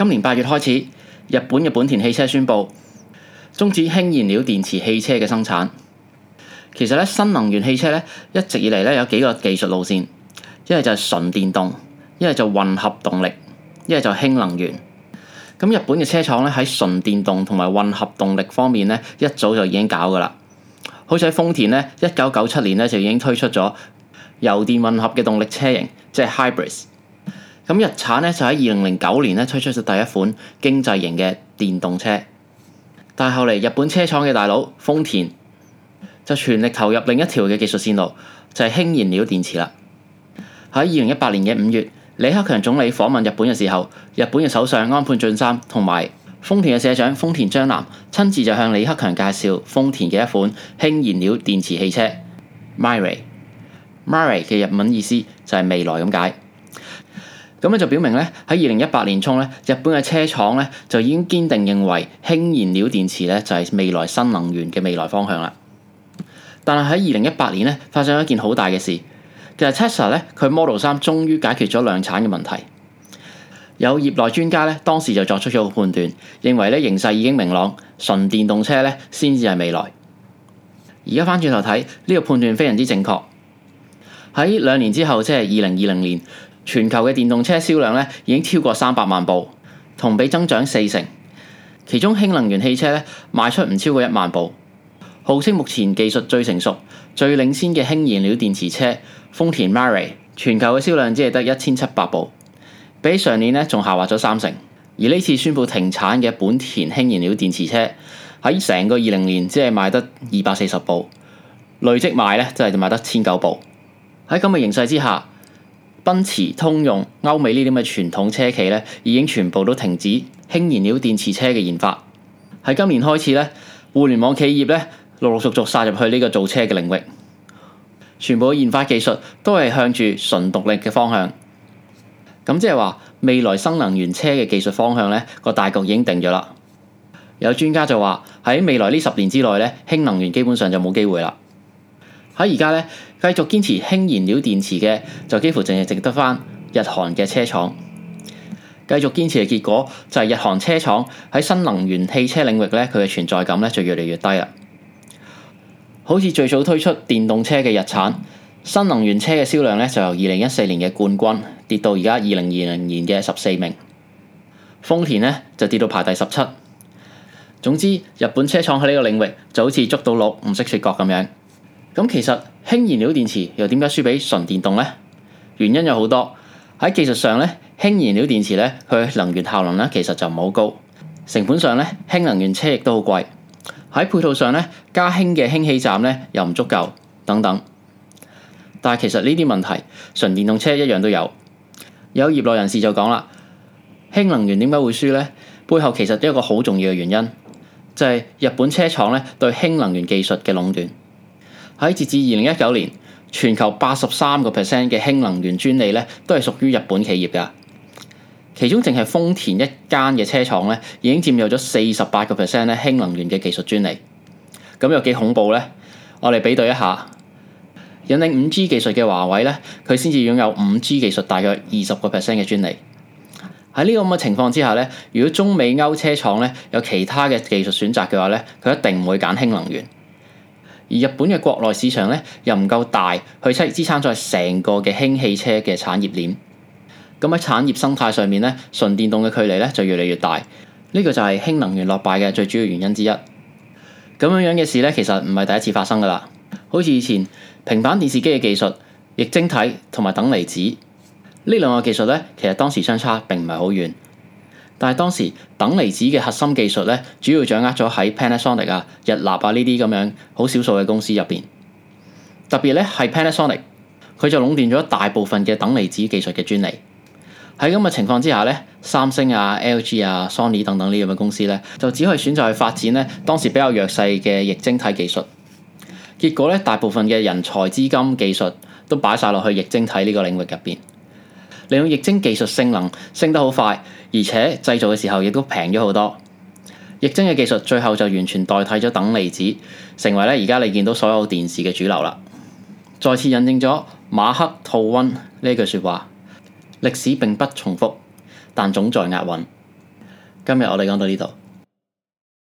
今年八月開始，日本嘅本田汽車宣布終止氫燃料電池汽車嘅生產。其實咧，新能源汽車咧一直以嚟咧有幾個技術路線，一係就係純電動，一係就係混合動力，一係就氫能源。咁日本嘅車廠咧喺純電動同埋混合動力方面咧一早就已經搞噶啦。好似喺豐田咧，一九九七年咧就已經推出咗油電混合嘅動力車型，即係 hybrid。咁日產咧就喺二零零九年咧推出咗第一款經濟型嘅電動車，但係後嚟日本車廠嘅大佬豐田就全力投入另一條嘅技術線路，就係、是、氫燃料電池啦。喺二零一八年嘅五月，李克強總理訪問日本嘅時候，日本嘅首相安倍晉三同埋豐田嘅社長豐田章男親自就向李克強介紹豐田嘅一款氫燃料電池汽車 Myri，Myri 嘅日文意思就係未來咁解。咁咧就表明咧喺二零一八年中咧，日本嘅車廠咧就已經堅定認為氫燃料電池咧就係未來新能源嘅未來方向啦。但係喺二零一八年咧發生咗一件好大嘅事，就係 Tesla 咧佢 Model 三終於解決咗量產嘅問題。有業內專家咧當時就作出咗個判斷，認為咧形勢已經明朗，純電動車咧先至係未來。而家翻轉頭睇呢個判斷非常之正確。喺兩年之後即係二零二零年。全球嘅電動車銷量咧已經超過三百萬部，同比增長四成。其中氫能源汽車咧賣出唔超過一萬部。號稱目前技術最成熟、最領先嘅氫燃料電池車，豐田 Mare 全球嘅銷量只係得一千七百部，比上年咧仲下滑咗三成。而呢次宣布停產嘅本田氫燃料電池車喺成個二零年只係賣得二百四十部，累積賣咧即係賣得千九部。喺咁嘅形勢之下，奔馳、通用、歐美呢啲咁嘅傳統車企咧，已經全部都停止氫燃料電池車嘅研發。喺今年開始咧，互聯網企業咧陸陸續續殺入去呢個造車嘅領域，全部嘅研發技術都係向住純電動嘅方向。咁即係話未來新能源車嘅技術方向咧，個大局已經定咗啦。有專家就話喺未來呢十年之內咧，氫能源基本上就冇機會啦。喺而家咧，繼續堅持氫燃料電池嘅就幾乎淨係值得返日韓嘅車廠繼續堅持嘅結果就係，是，日韓車廠喺新能源汽車領域咧，佢嘅存在感咧就越嚟越低啦。好似最早推出電動車嘅日產，新能源車嘅銷量咧就由二零一四年嘅冠軍跌到而家二零二零年嘅十四名，豐田咧就跌到排第十七。總之，日本車廠喺呢個領域就好似捉到鹿唔識脫角咁樣。咁其實，氫燃料電池又點解輸俾純電動呢？原因有好多。喺技術上咧，氫燃料電池咧佢能源效能咧其實就唔好高。成本上咧，氫能源車亦都好貴。喺配套上咧，加氫嘅氫氣站咧又唔足夠等等。但係其實呢啲問題，純電動車一樣都有。有業內人士就講啦，氫能源點解會輸咧？背後其實都有個好重要嘅原因就係日本車廠咧對氫能源技術嘅壟斷。喺截至二零一九年，全球八十三個 percent 嘅氫能源專利咧，都係屬於日本企業噶。其中淨係豐田一間嘅車廠咧，已經佔有咗四十八個 percent 咧氫能源嘅技術專利。咁又幾恐怖咧？我哋比對一下，引領五 G 技術嘅華為咧，佢先至擁有五 G 技術大約二十個 percent 嘅專利。喺呢個咁嘅情況之下咧，如果中美歐車廠咧有其他嘅技術選擇嘅話咧，佢一定唔會揀氫能源。而日本嘅國內市場咧又唔夠大，去出支撐咗成個嘅氫汽車嘅產業鏈。咁喺產業生態上面咧，純電動嘅距離咧就越嚟越大。呢、這個就係氫能源落敗嘅最主要原因之一。咁樣樣嘅事咧，其實唔係第一次發生噶啦。好似以前平板電視機嘅技術，液晶體同埋等離子呢兩個技術咧，其實當時相差並唔係好遠。但係當時等離子嘅核心技術咧，主要掌握咗喺 Panasonic 啊、日立啊呢啲咁樣好少數嘅公司入邊。特別咧係 Panasonic，佢就壟斷咗大部分嘅等離子技術嘅專利。喺咁嘅情況之下咧，三星啊、LG 啊、Sony 等等呢啲咁嘅公司咧，就只可以選擇去發展咧當時比較弱勢嘅液晶體技術。結果咧，大部分嘅人才、資金、技術都擺晒落去液晶體呢個領域入邊。利用液晶技術性能升得好快。而且製造嘅時候亦都平咗好多，液晶嘅技術最後就完全代替咗等離子，成為咧而家你見到所有電視嘅主流啦。再次印證咗馬克吐溫呢句説話：歷史並不重複，但總在押韻。今日我哋講到呢度。